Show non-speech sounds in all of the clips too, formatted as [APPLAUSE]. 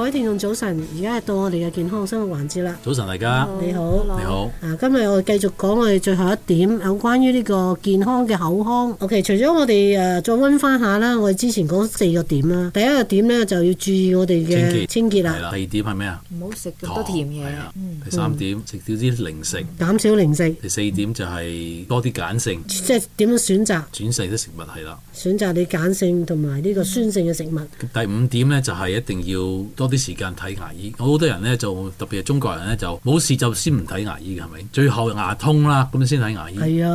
各位聽眾早晨，而家係到我哋嘅健康生活環節啦。早晨，大家 Hello, 你好，你好。啊，今日我哋繼續講我哋最後一點，有關於呢個健康嘅口腔。OK，除咗我哋誒、呃，再溫翻下啦。我哋之前講四個點啦，第一個點咧就要注意我哋嘅清潔啦。係啦潔。第二點係咩啊？唔好食咁多甜嘢。係啊的。嗯、3 第三點，食少啲零食。減少零食。第四點就係多啲鹼性。即係點樣選擇？選擇啲食物係啦。選擇你鹼性同埋呢個酸性嘅食物。嗯、第五點咧就係一定要多啲時間睇牙醫，好多人呢，就特別係中國人呢，就冇事就先唔睇牙醫，係咪？最後牙痛啦，咁先睇牙醫。係啊、哎呀，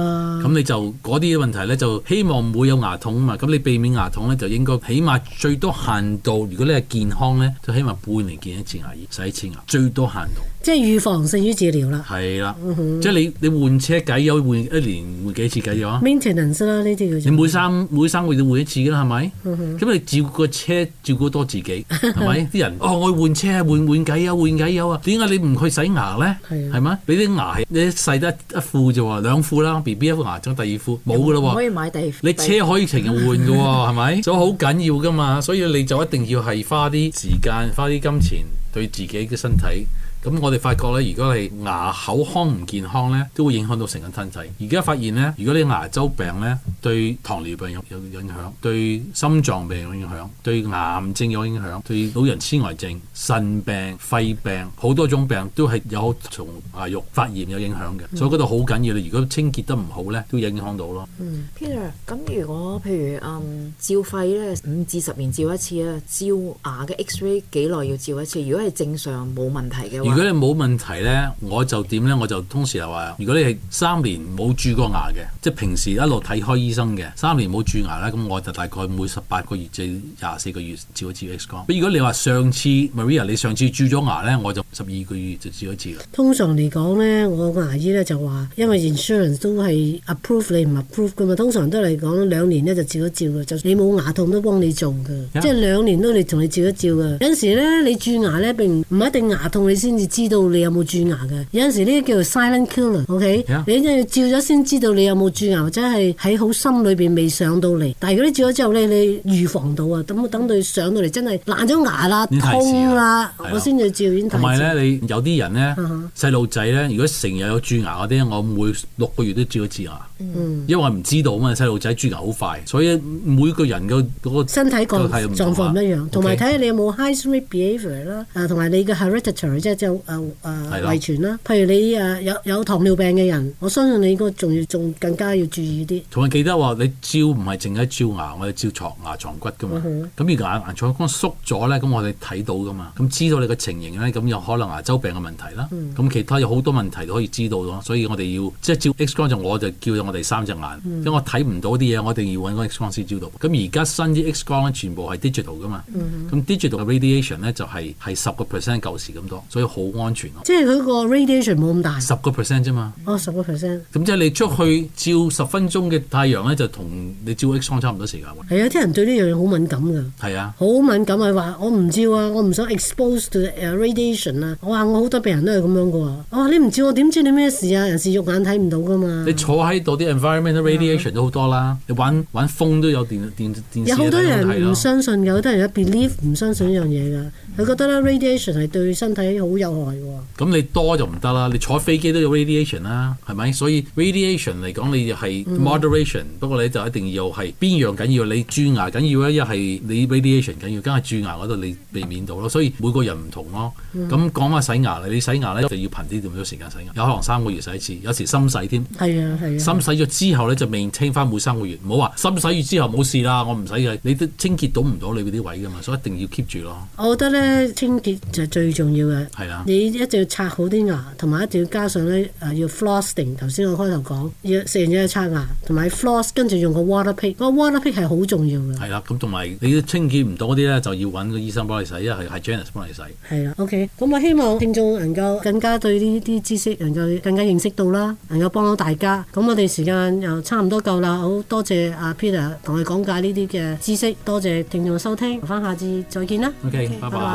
咁你就嗰啲問題呢，就希望唔會有牙痛啊嘛。咁你避免牙痛呢，就應該起碼最多限度。如果你係健康呢，就起碼半年見一次牙醫，洗一次牙，最多限度。即係預防勝於治療啦。係啦的，嗯、哼即係你你換車偈油換一年換幾次偈油啊 m 呢啲你每三每三個月換一次㗎啦，係咪？咁、嗯、哼你照顧個車，照顧多自己係咪？啲 [LAUGHS] 人哦，我換車啊，換換偈油，換偈油啊。點解 [LAUGHS] 你唔去洗牙咧？係咪的？嘛？你啲牙你洗得一,一副咋喎？兩副啦，B B 一副牙，仲有第二副冇㗎啦喎。沒你可以買第二，副，你車可以成日換㗎喎，係咪？咁好緊要㗎嘛，所以你就一定要係花啲時間，花啲金錢對自己嘅身體。咁我哋發覺咧，如果係牙口腔唔健康咧，都會影響到成個人身體。而家發現咧，如果你牙周病咧，對糖尿病有有影響，對心臟病有影響，對癌症有影響，對老人痴呆症、腎病、肺病好多種病都係有從牙肉發炎有影響嘅。嗯、所以嗰度好緊要。如果清潔得唔好咧，都影響到咯。嗯、Peter，咁如果譬如嗯照肺咧，五至十年照一次啊，照牙嘅 X-ray 幾耐要照一次？如果係正常冇問題嘅話。如果你冇問題咧，我就點咧？我就通常係話，如果你係三年冇蛀過牙嘅，即係平時一路睇開醫生嘅，三年冇蛀牙咧，咁我就大概每十八個月至廿四個月照一次 X 光。如果你話上次 Maria，你上次蛀咗牙咧，我就十二個月就照一次啦。通常嚟講咧，我個牙醫咧就話，因為 insurance 都係 approve 你唔 approve 嘅嘛，通常都嚟講兩年咧就照一照嘅，就你冇牙痛都幫你做嘅，Yeah. 即係兩年都你同你照一照嘅。有陣時咧，你蛀牙咧並唔一定牙痛你先至知道你有冇蛀牙嘅，有陣時呢啲叫做 silent killer，OK？Yeah. 你真係照咗先知道你有冇蛀牙，或者係喺好心裏邊未上到嚟。但係如果你照咗之後咧，你預防到啊，等等佢上到嚟，真係爛咗牙啦，痛啦，我先至照。唔係咧，你有啲人咧，細路仔咧，如果成日有蛀牙嗰啲，我每六個月都照一次牙。嗯、因為唔知道啊嘛，細路仔蛀牙好快，所以每個人嘅嗰、那個身體狀、啊、狀況唔一樣，同埋睇下你有冇 high risk behavior 啦 okay,、嗯，同埋你嘅 heritage 即係即係遺傳啦。譬如你誒、啊、有有糖尿病嘅人，我相信你個仲要仲更加要注意啲。同埋記得話，你照唔係淨係照牙，我哋照牀牙床骨噶嘛。咁而的果牙床骨縮咗咧，咁我哋睇到噶嘛，咁知道你嘅情形咧，咁有可能牙周病嘅問題啦。咁、嗯、其他有好多問題都可以知道咯。所以我哋要即係照 X 光就我就叫，我哋三隻眼，嗯、因為我睇唔到啲嘢，我一定要揾個 X 光師照到。咁而家新啲 X 光咧，全部係 digital 噶嘛。咁、嗯、digital 嘅 radiation 咧就係係十個 percent 舊時咁多，所以好安全咯。即係佢個 radiation 冇咁大，十個 percent 啫嘛。哦，十個 percent。咁即係你出去照十分鐘嘅太陽咧，就同你照 X 光差唔多時間喎。係啊，啲人對呢樣嘢好敏感㗎。係啊，好敏感啊！話我唔照啊，我唔想 expose to the radiation 啊。我話我好多病人都係咁樣㗎、啊哦。我話你唔照我點知你咩事啊？人哋肉眼睇唔到㗎嘛。你坐喺度。啲 environmental radiation Yeah. 都好多啦，你玩玩風都有電電電，有好多人唔相信，有好多人有 belief 唔相信呢樣嘢㗎。佢覺得咧，radiation 係對身體好有害喎、哦。咁、嗯、你多就唔得啦，你坐飛機都有 radiation 啦，係咪？所以 radiation 嚟講，你係 moderation、嗯。不過你就一定要係邊樣緊要？你蛀牙緊要咧，一係你 radiation 緊要，梗係蛀牙嗰度你避免到咯。所以每個人唔同咯。咁、嗯嗯、講下洗牙你洗牙咧就要頻啲咁多時間洗牙，有可能三個月洗一次，有時深洗添。係啊係啊。深洗咗之後咧就 maintain 返每三個月，唔好話深洗完之後冇事啦，我唔使嘅，你都清潔到唔到你嗰啲位㗎嘛，所以一定要 keep 住咯。我覺得咧。清潔就係最重要嘅。係啊，你一定要刷好啲牙，同埋一定要加上咧，誒、呃，要 flossing。頭先我開頭講，要食完嘢去刷牙，同埋 floss，跟住用個 waterpick。個 waterpick 係好重要嘅。係啦、啊，咁同埋你要清潔唔到啲咧，就要搵個醫生幫你洗，一係係 hygienist 幫你洗。係啦、啊，OK，咁我希望聽眾能夠更加對呢啲知識能夠更加認識到啦，能夠幫到大家。咁我哋時間又差唔多夠啦，好，多謝阿 Peter 同我講解呢啲嘅知識，多謝聽眾收聽，留翻下次再見啦。OK，拜拜、okay。Bye bye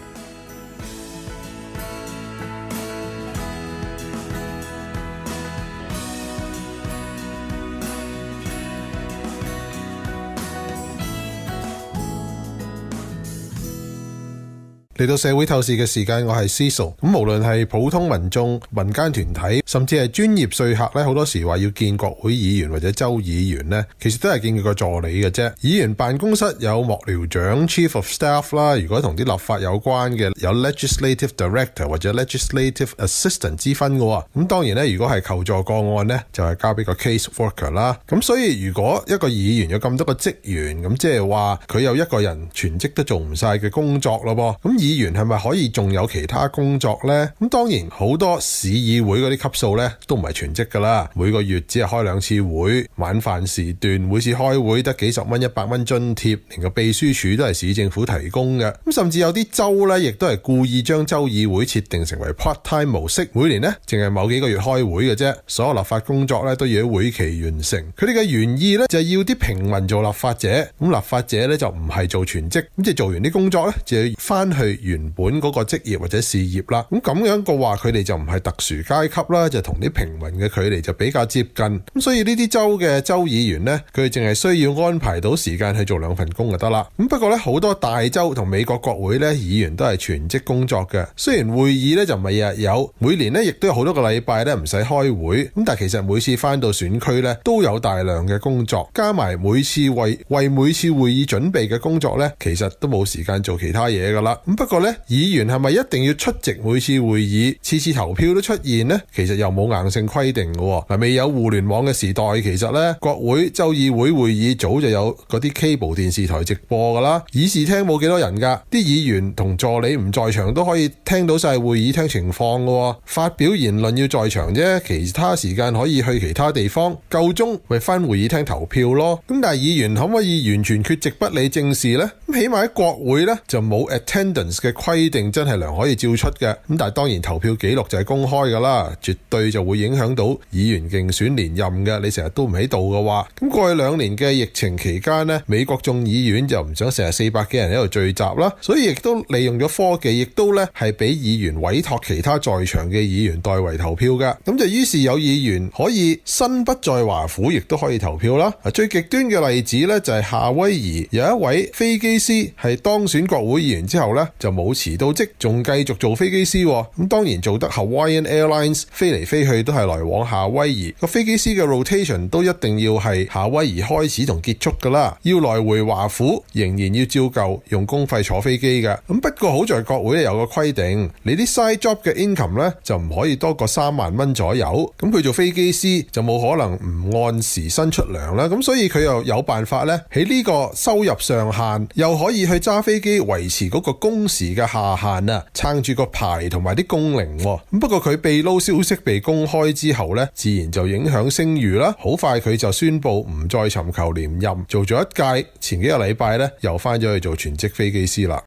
嚟到社會透視嘅時間，我係司徒咁。無論係普通民眾、民間團體，甚至係專業說客咧，好多時話要見國會議員或者州議員咧，其實都係見佢個助理嘅啫。議員辦公室有幕僚長 （chief of staff） 啦，如果同啲立法有關嘅，有 legislative director 或者 legislative assistant 之分嘅喎。咁當然咧，如果係求助個案咧，就係、是、交俾個 case worker 啦。咁所以如果一個議員有咁多個職員，咁即係話佢有一個人全職都做唔晒嘅工作咯噃。咁以議員係咪可以仲有其他工作呢？咁當然好多市議會嗰啲級數呢，都唔係全職噶啦，每個月只係開兩次會，晚飯時段每次開會得幾十蚊，一百蚊津貼，連個秘書處都係市政府提供嘅。咁甚至有啲州呢，亦都係故意將州議會設定成為 part-time 模式，每年呢，淨係某幾個月開會嘅啫。所有立法工作呢，都要喺會期完成。佢哋嘅原意呢，就係要啲平民做立法者，咁立法者呢，就唔係做全職，咁即係做完啲工作呢，就要翻去。原本嗰個職業或者事業啦，咁咁樣個話，佢哋就唔係特殊階級啦，就同啲平民嘅距離就比較接近。咁所以呢啲州嘅州議員呢，佢哋淨係需要安排到時間去做兩份工就得啦。咁不過呢，好多大州同美國國會呢，議員都係全職工作嘅。雖然會議呢就唔係日日有，每年呢亦都有好多個禮拜呢唔使開會。咁但係其實每次翻到選區呢，都有大量嘅工作，加埋每次為為每次會議準備嘅工作呢，其實都冇時間做其他嘢㗎啦。咁不個咧，議員係咪一定要出席每次會議，次次投票都出現呢？其實又冇硬性規定嘅。嗱，未有互聯網嘅時代，其實咧，國會、州議會會議早就有嗰啲 cable 電視台直播噶啦。議事廳冇幾多人噶，啲議員同助理唔在場都可以聽到晒會議廳情況嘅。發表言論要在場啫，其他時間可以去其他地方。夠鐘咪翻會議廳投票咯。咁但係議員可唔可以完全缺席不理正事呢？咁起碼喺國會咧，就冇 attendance。嘅規定真係良可以照出嘅，咁但係當然投票記錄就係公開㗎啦，絕對就會影響到議員競選連任嘅。你成日都唔喺度嘅話，咁過去兩年嘅疫情期間呢，美國眾議院就唔想成日四百幾人喺度聚集啦，所以亦都利用咗科技，亦都咧係俾議員委託其他在場嘅議員代為投票㗎。咁就於是有議員可以身不在華府，亦都可以投票啦。最極端嘅例子咧，就係夏威夷有一位飛機師係當選國會議員之後咧，就冇辭到職，仲繼續做飛機師。咁當然做得 Hawaiian Airlines 飛嚟飛去都係來往夏威夷。個飛機師嘅 rotation 都一定要係夏威夷開始同結束㗎啦。要來回華府，仍然要照舊用公費坐飛機㗎。咁不過好在國會有個規定，你啲 side job 嘅 income 咧就唔可以多過三萬蚊左右。咁佢做飛機師就冇可能唔按時薪出糧啦。咁所以佢又有辦法呢，喺呢個收入上限又可以去揸飛機維持嗰個工時嘅下限啊，撐住個牌同埋啲工齡咁。不過佢被撈消息被公開之後咧，自然就影響聲譽啦。好快佢就宣布唔再尋求連任，做咗一屆。前幾個禮拜咧，又翻咗去做全職飛機師啦。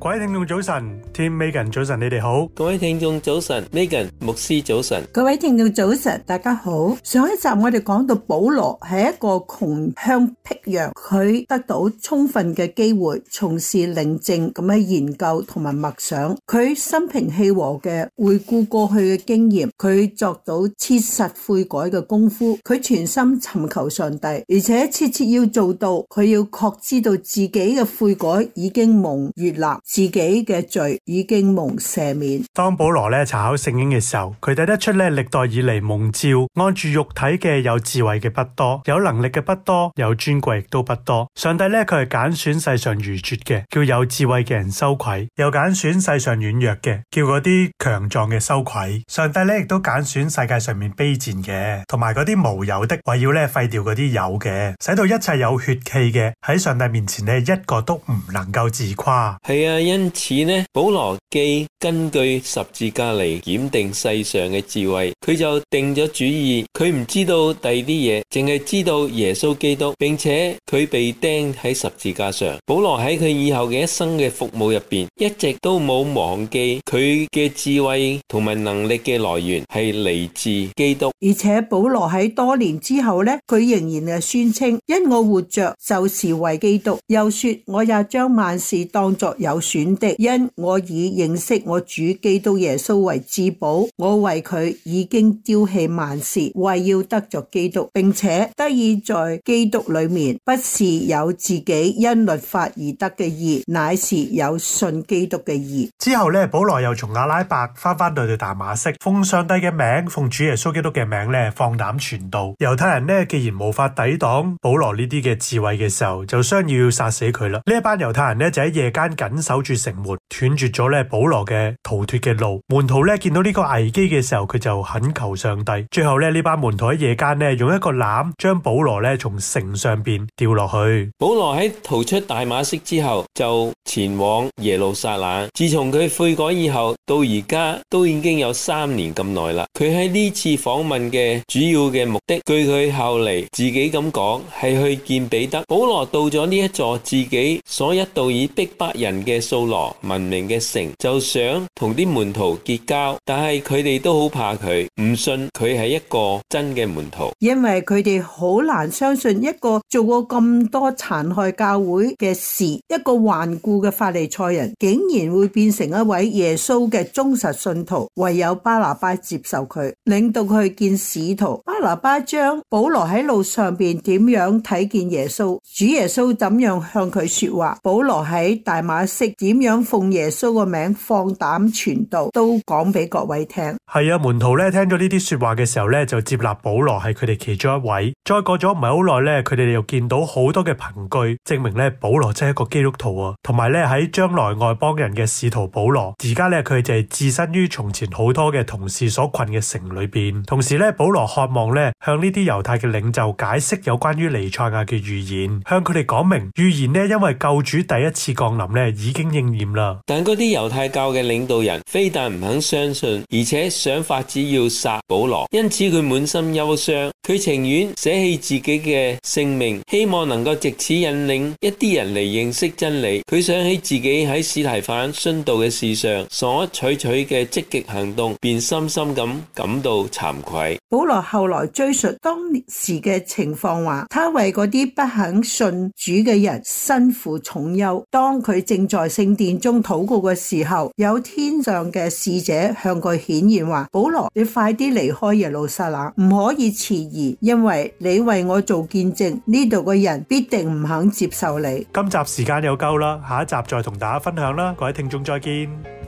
各位聽眾早晨 Tim Megan 早晨，你哋好。各位聽眾早晨，Megan 牧師早晨。各位聽眾早晨，大家好。上一集我哋講到保羅係一個窮鄉僻壤，佢得到充分嘅機會從事寧靜咁嘅研究同埋默想，佢心平氣和嘅回顧過去嘅經驗，佢作到切實悔改嘅功夫，佢全心尋求上帝，而且切切要做到佢要確知道自己嘅悔改已經蒙悅納，自己嘅罪已經蒙赦免。當保羅咧查考聖經嘅時候，佢睇得，得出咧歷代以嚟蒙召按住肉體嘅有智慧嘅不多，有能力嘅不多，有尊貴亦都不多。上帝咧佢係揀選世上愚拙嘅，叫有智慧嘅人羞愧；又揀選世上軟弱嘅，叫嗰啲強壯嘅羞愧。上帝咧亦都揀選世界上面卑賤嘅，同埋嗰啲無有的，為要咧廢掉嗰啲有嘅，使到一切有血氣嘅喺上帝面前咧一個都唔能夠自誇。係啊。因此呢，保羅既根據十字架嚟檢定世上嘅智慧，佢就定咗主意，佢唔知道第二啲嘢，淨係知道耶穌基督，並且佢被釘喺十字架上。保羅喺佢以後嘅一生嘅服務入邊，一直都冇忘記佢嘅智慧同埋能力嘅來源係嚟自基督。而且保羅喺多年之後呢，佢仍然係宣稱：因我活着就是為基督。又說：我也將萬事當作有。選的，因我以認識我主基督耶穌為至寶，我為佢已經丟棄萬事，為要得着基督，並且得以在基督裏面，不是有自己因律法而得嘅義，乃是有信基督嘅義。之後呢，保羅又從阿拉伯翻返回到去大馬色，奉上帝嘅名，奉主耶穌基督嘅名咧，放膽傳道。猶太人呢，既然無法抵擋保羅呢啲嘅智慧嘅時候，就商議要殺死佢啦。呢一班猶太人呢，就喺夜間緊守。守住城門，斷絕咗咧保羅嘅逃脱嘅路。門徒咧見到呢個危機嘅時候，佢就懇求上帝。最後咧呢班門徒喺夜間咧用一個籃將保羅咧從城上邊掉落去。保羅喺逃出大馬色之後，就前往耶路撒冷。自從佢悔改以後到而家都已經有三年咁耐啦。佢喺呢次訪問嘅主要嘅目的，據佢後嚟自己咁講，係去見彼得。保羅到咗呢一座自己所一度已逼迫人嘅。掃羅文明嘅城就想同啲門徒結交，但係佢哋都好怕佢，唔信佢係一個真嘅門徒，因為佢哋好難相信一個做過咁多殘害教會嘅事，一個頑固嘅法利賽人，竟然會變成一位耶穌嘅忠實信徒。唯有巴拿巴接受佢，領到佢去見使徒。巴拿巴將保羅喺路上邊點樣睇見耶穌，主耶穌怎樣向佢說話，保羅喺大馬色，點樣奉耶穌個名放膽傳道，都講俾各位聽。係啊，門徒咧聽咗呢啲說話嘅時候咧，就接納保羅係佢哋其中一位。再過咗唔係好耐咧，佢哋又見到好多嘅憑據，證明咧保羅真係一個基督徒啊。同埋咧，喺將來外邦人嘅使徒保羅，而家咧佢就係置身於從前好多嘅同事所困嘅城裏邊。同時咧，保羅渴望咧向呢啲猶太嘅領袖解釋有關於尼賽亞嘅預言，向佢哋講明預言呢，因為救主第一次降臨咧已經。啦，但嗰啲猶太教嘅領導人非但唔肯相信，而且想法子要殺保羅，因此佢滿心憂傷。佢情願捨棄自己嘅性命，希望能夠借此引領一啲人嚟認識真理。佢想起自己喺史提反殉道嘅事上所採取嘅積極行動，便深深咁感到慚愧。保羅後來追述當時嘅情況話，他為嗰啲不肯信主嘅人身負重憂，當佢正在聖殿中禱告嘅時候，有天上嘅使者向佢顯現話：保羅，你快啲離開耶路撒冷，唔可以遲疑，因為你為我做見證，呢度嘅人必定唔肯接受你。今集時間又夠啦，下一集再同大家分享啦，各位聽眾，再見。